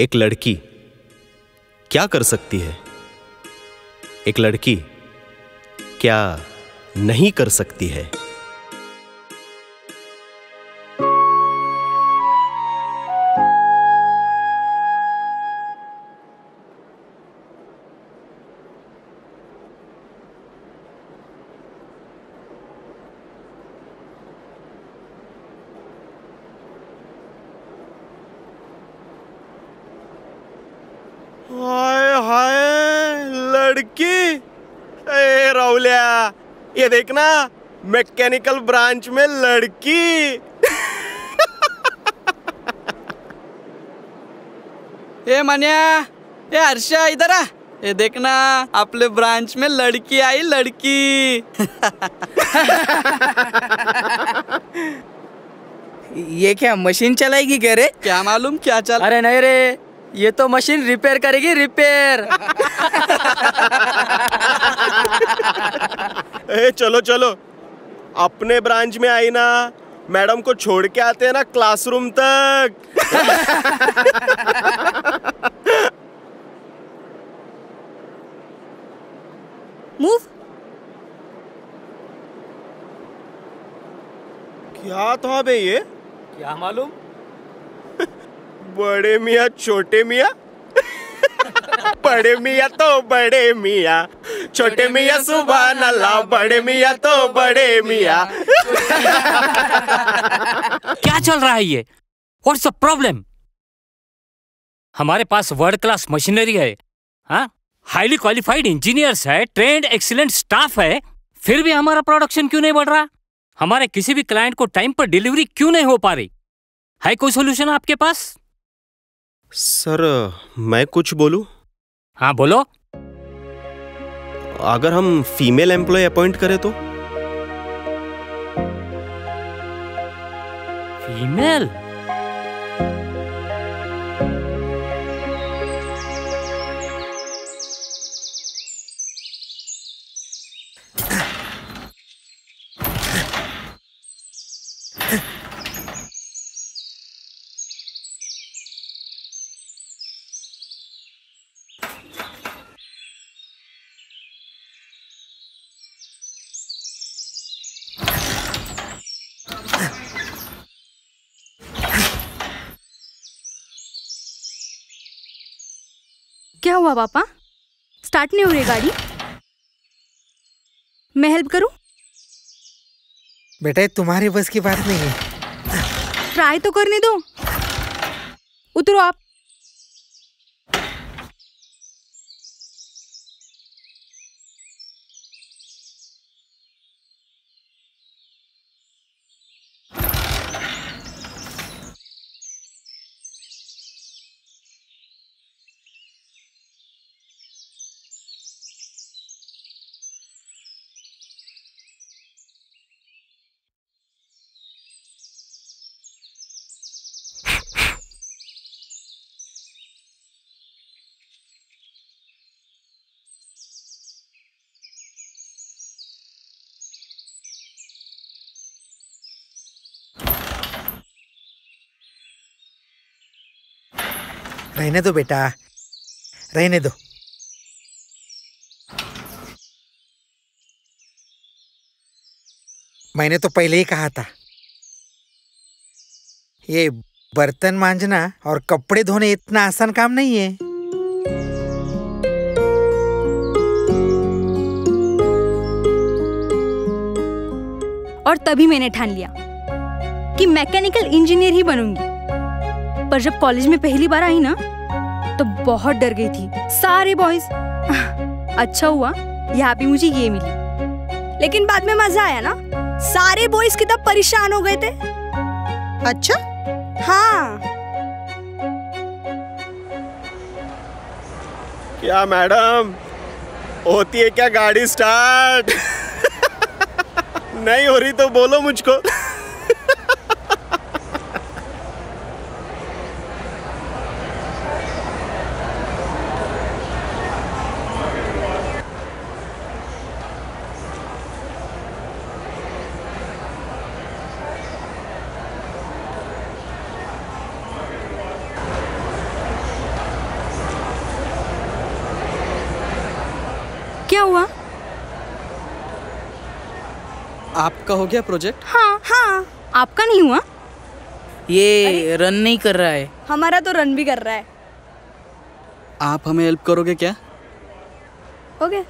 एक लड़की क्या कर सकती है एक लड़की क्या नहीं कर सकती है ये देखना मैकेनिकल ब्रांच में लड़की ये मनिया ये हर्षा इधर आ ये देखना अपने ब्रांच में लड़की आई लड़की ये क्या मशीन चलाएगी कह रे क्या मालूम क्या चल अरे नहीं रे ये तो मशीन रिपेयर करेगी रिपेयर ए, चलो चलो अपने ब्रांच में आई ना मैडम को छोड़ के आते हैं ना क्लासरूम तक मूव क्या था बे ये क्या मालूम बड़े मियाँ छोटे मियाँ बड़े मियाँ तो बड़े मियाँ छोटे मियाँ सुबह अल्लाह बड़े मियाँ तो बड़े मियाँ क्या चल रहा है ये व्हाट्स द प्रॉब्लम हमारे पास वर्ल्ड क्लास मशीनरी है हाँ हाईली क्वालिफाइड इंजीनियर्स है ट्रेंड एक्सीलेंट स्टाफ है फिर भी हमारा प्रोडक्शन क्यों नहीं बढ़ रहा हमारे किसी भी क्लाइंट को टाइम पर डिलीवरी क्यों नहीं हो पा रही है कोई सोल्यूशन आपके पास सर मैं कुछ बोलू हाँ बोलो अगर हम फीमेल एम्प्लॉय अपॉइंट करें तो फीमेल क्या हुआ पापा स्टार्ट नहीं हो रही गाड़ी मैं हेल्प करूं? बेटा तुम्हारे बस की बात नहीं है ट्राई तो करने दो उतरो आप रहने दो बेटा रहने दो मैंने तो पहले ही कहा था ये बर्तन मांजना और कपड़े धोने इतना आसान काम नहीं है और तभी मैंने ठान लिया कि मैकेनिकल इंजीनियर ही बनूंगी पर जब कॉलेज में पहली बार आई ना तो बहुत डर गई थी सारे बॉयज अच्छा हुआ यहाँ पे मुझे ये मिली लेकिन बाद में मजा आया ना सारे बॉयज की तब परेशान हो गए थे अच्छा हाँ क्या मैडम होती है क्या गाड़ी स्टार्ट नहीं हो रही तो बोलो मुझको क्या हुआ आपका हो गया प्रोजेक्ट हाँ हाँ आपका नहीं हुआ ये रन नहीं कर रहा है हमारा तो रन भी कर रहा है आप हमें हेल्प करोगे क्या ओके okay.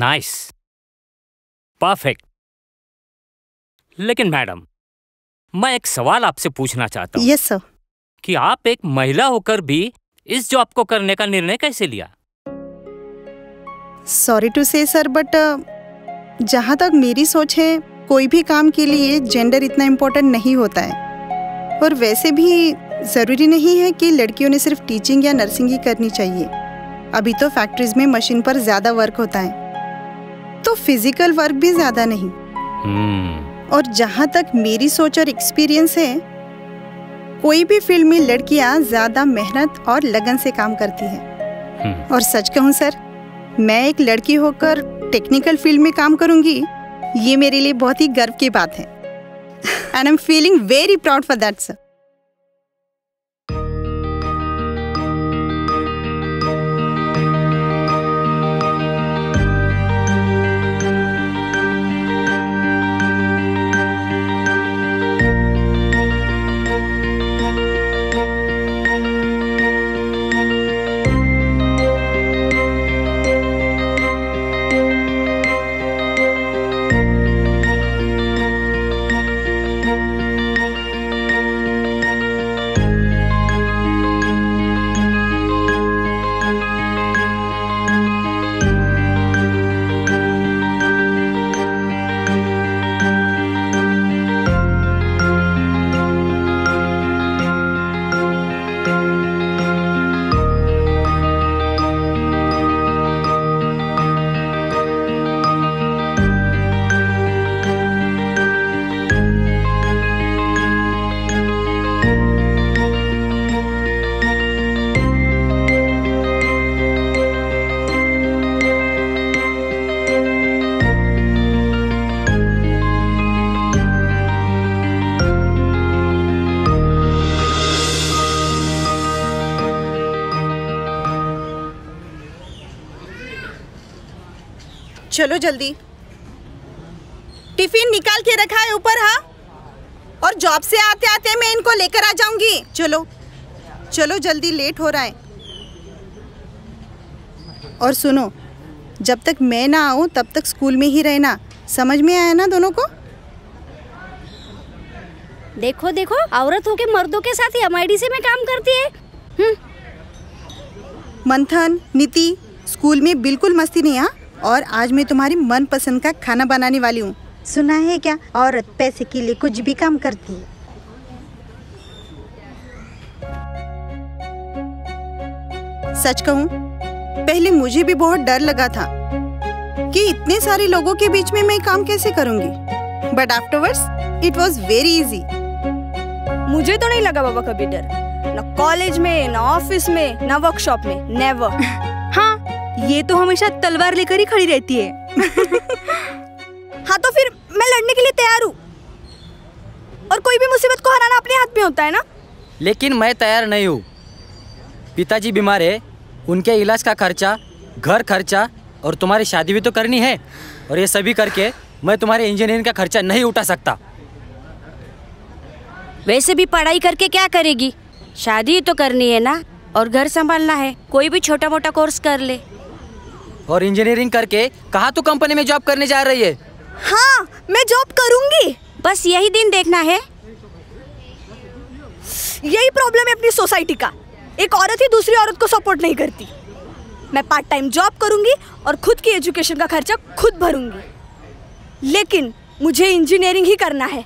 नाइस परफेक्ट लेकिन मैडम मैं एक सवाल आपसे पूछना चाहता हूँ यस सर कि आप एक महिला होकर भी इस जॉब को करने का निर्णय कैसे लिया sorry to say sir but जहाँ तक मेरी सोच है कोई भी काम के लिए जेंडर इतना इम्पोर्टेंट नहीं होता है और वैसे भी ज़रूरी नहीं है कि लड़कियों ने सिर्फ टीचिंग या नर्सिंग ही करनी चाहिए अभी तो फैक्ट्रीज में मशीन पर ज़्यादा वर्क होता है तो फिजिकल वर्क भी ज्यादा नहीं hmm. और जहाँ तक मेरी सोच और एक्सपीरियंस है कोई भी फील्ड में लड़कियाँ ज्यादा मेहनत और लगन से काम करती है hmm. हम्म। और सच कहूँ सर मैं एक लड़की होकर टेक्निकल फील्ड में काम करूंगी ये मेरे लिए बहुत ही गर्व की बात है and I am feeling very proud for that sir चलो जल्दी टिफिन निकाल के रखा है ऊपर हाँ और जॉब से आते आते मैं इनको लेकर आ जाऊंगी चलो चलो जल्दी लेट हो रहा है और सुनो जब तक मैं ना आऊँ तब तक स्कूल में ही रहना समझ में आया ना दोनों को देखो देखो औरत के मर्दों के साथ एम से में काम करती है हम्म। मंथन नीति स्कूल में बिल्कुल मस्ती नहीं हाँ और आज मैं तुम्हारी मन पसंद का खाना बनाने वाली हूँ सुना है क्या औरत पैसे के लिए कुछ भी काम करती है सच कहूँ पहले मुझे भी बहुत डर लगा था कि इतने सारे लोगों के बीच में मैं काम कैसे करूंगी but afterwards it was very easy मुझे तो नहीं लगा बाबा कभी डर ना कॉलेज में ना ऑफिस में ना वर्कशॉप में नेवर ये तो हमेशा तलवार लेकर ही खड़ी रहती है हाँ तो फिर मैं लड़ने के लिए तैयार हूँ और कोई भी मुसीबत को हराना अपने हाथ में होता है ना लेकिन मैं तैयार नहीं हूँ पिताजी बीमार है उनके इलाज का खर्चा घर खर्चा और तुम्हारी शादी भी तो करनी है और ये सभी करके मैं तुम्हारे इंजीनियरिंग का खर्चा नहीं उठा सकता वैसे भी पढ़ाई करके क्या करेगी शादी तो करनी है ना और घर संभालना है कोई भी छोटा मोटा कोर्स कर ले और इंजीनियरिंग करके कहा तू कंपनी में जॉब करने जा रही है हाँ मैं जॉब करूंगी बस यही दिन देखना है यही प्रॉब्लम है अपनी सोसाइटी का एक औरत ही दूसरी औरत को सपोर्ट नहीं करती मैं पार्ट टाइम जॉब करूंगी और खुद की एजुकेशन का खर्चा खुद भरूंगी लेकिन मुझे इंजीनियरिंग ही करना है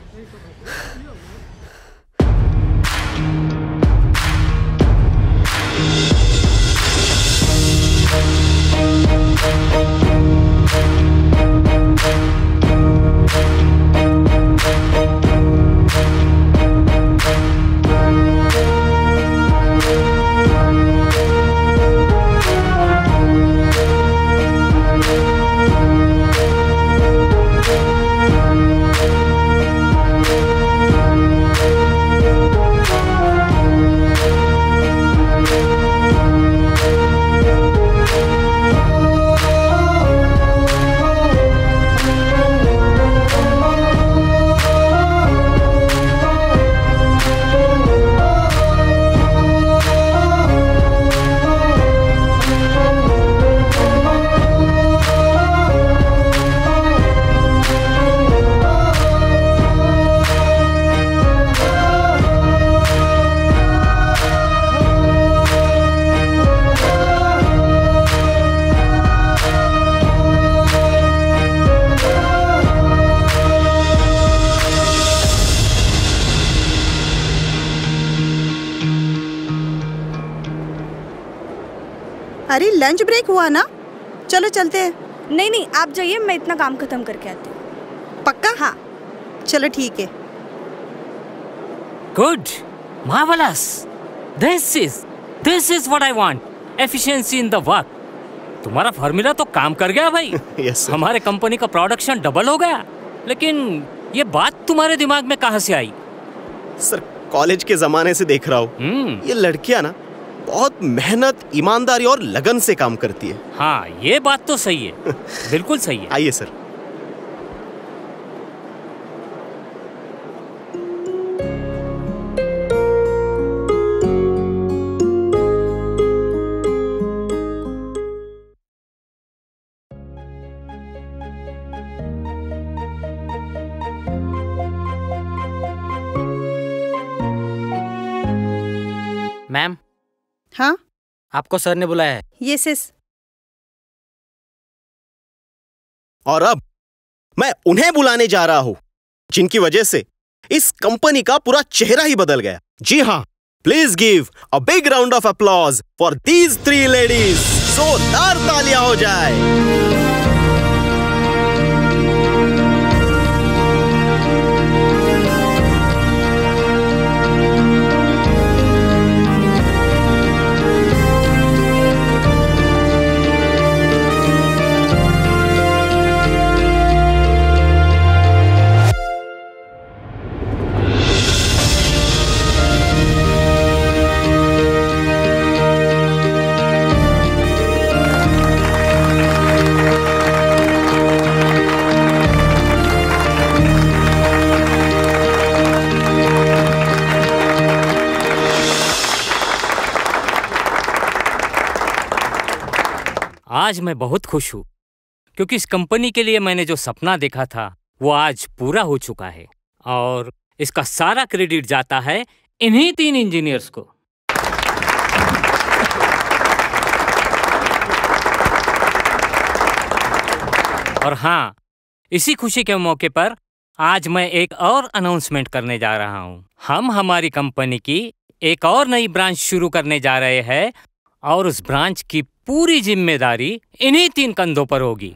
लंच ब्रेक हुआ ना चलो चलते हैं नहीं नहीं आप जाइए मैं इतना काम खत्म करके आती हूँ पक्का हाँ चलो ठीक है good marvelous this is this is what I want efficiency in the work तुम्हारा फॉर्मूला तो काम कर गया भाई yes, sir. हमारे कंपनी का प्रोडक्शन डबल हो गया लेकिन ये बात तुम्हारे दिमाग में कहाँ से आई सर कॉलेज के जमाने से देख रहा हूँ hmm. ये लड़कियाँ ना बहुत मेहनत ईमानदारी और लगन से काम करती है हाँ ये बात तो सही है बिल्कुल सही है आइए सर हाँ आपको सर ने बुलाया है ये सिस और अब मैं उन्हें बुलाने जा रहा हूं जिनकी वजह से इस कंपनी का पूरा चेहरा ही बदल गया जी हाँ please give a big round of applause for these three ladies जोरदार तालियां हो जाए आज मैं बहुत खुश हूं क्योंकि इस कंपनी के लिए मैंने जो सपना देखा था वो आज पूरा हो चुका है और इसका सारा क्रेडिट जाता है इन्हीं तीन इंजीनियर्स को और हाँ इसी खुशी के मौके पर आज मैं एक और अनाउंसमेंट करने जा रहा हूँ हम हमारी कंपनी की एक और नई ब्रांच शुरू करने जा रहे हैं और उस ब्रांच की पूरी जिम्मेदारी इन्हीं तीन कंधों पर होगी